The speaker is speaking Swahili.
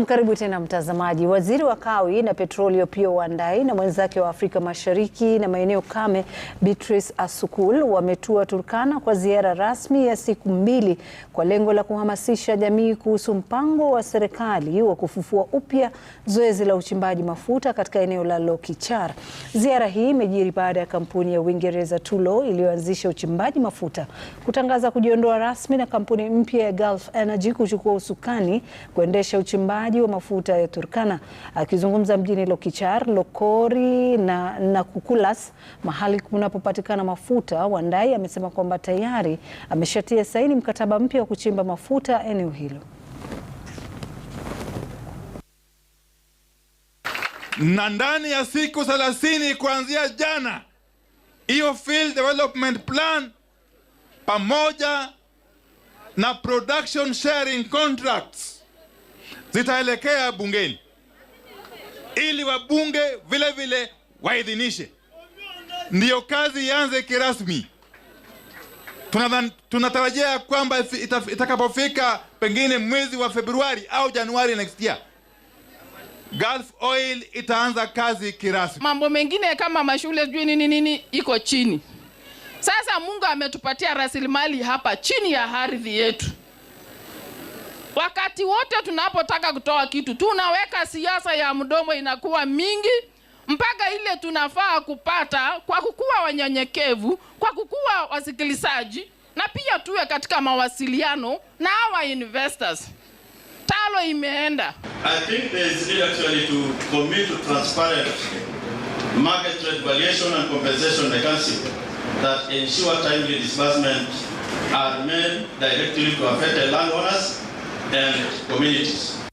Naam, karibu tena mtazamaji. Waziri wa Kawi na Petroli Opiyo Wandayi na mwenzake wa Afrika Mashariki na maeneo kame Beatrice Asukul wametua Turkana kwa ziara rasmi ya siku mbili kwa lengo la kuhamasisha jamii kuhusu mpango wa serikali wa kufufua upya zoezi la uchimbaji mafuta katika eneo la Lokichar. Ziara hii imejiri baada ya kampuni ya Uingereza Tullow iliyoanzisha uchimbaji mafuta kutangaza kujiondoa rasmi na kampuni mpya ya Gulf Energy kuchukua usukani kuendesha uchimbaji upatikanaji wa mafuta ya Turkana. Akizungumza mjini Lokichar, Lokori na Nakukulas, mahali kunapopatikana mafuta, Wandai amesema kwamba tayari ameshatia saini mkataba mpya wa kuchimba mafuta eneo hilo. na ndani ya siku 30 kuanzia jana, hiyo field development plan pamoja na production sharing contracts zitaelekea bungeni ili wabunge vile vile waidhinishe, ndiyo kazi ianze kirasmi. Tunatarajia kwamba itakapofika pengine mwezi wa Februari au Januari next year Gulf Oil itaanza kazi kirasmi. Mambo mengine kama mashule sijui nini nini iko chini. Sasa Mungu ametupatia rasilimali hapa chini ya ardhi yetu. Wakati wote tunapotaka kutoa kitu tunaweka siasa ya mdomo inakuwa mingi mpaka ile tunafaa kupata kwa kukuwa wanyenyekevu, kwa kukuwa wasikilizaji, na pia tuwe katika mawasiliano na hawa investors. Talo imeenda. I think there is need actually to commit to transparent market trade valuation and compensation mechanism that ensure timely disbursement are made directly to affected landowners and communities.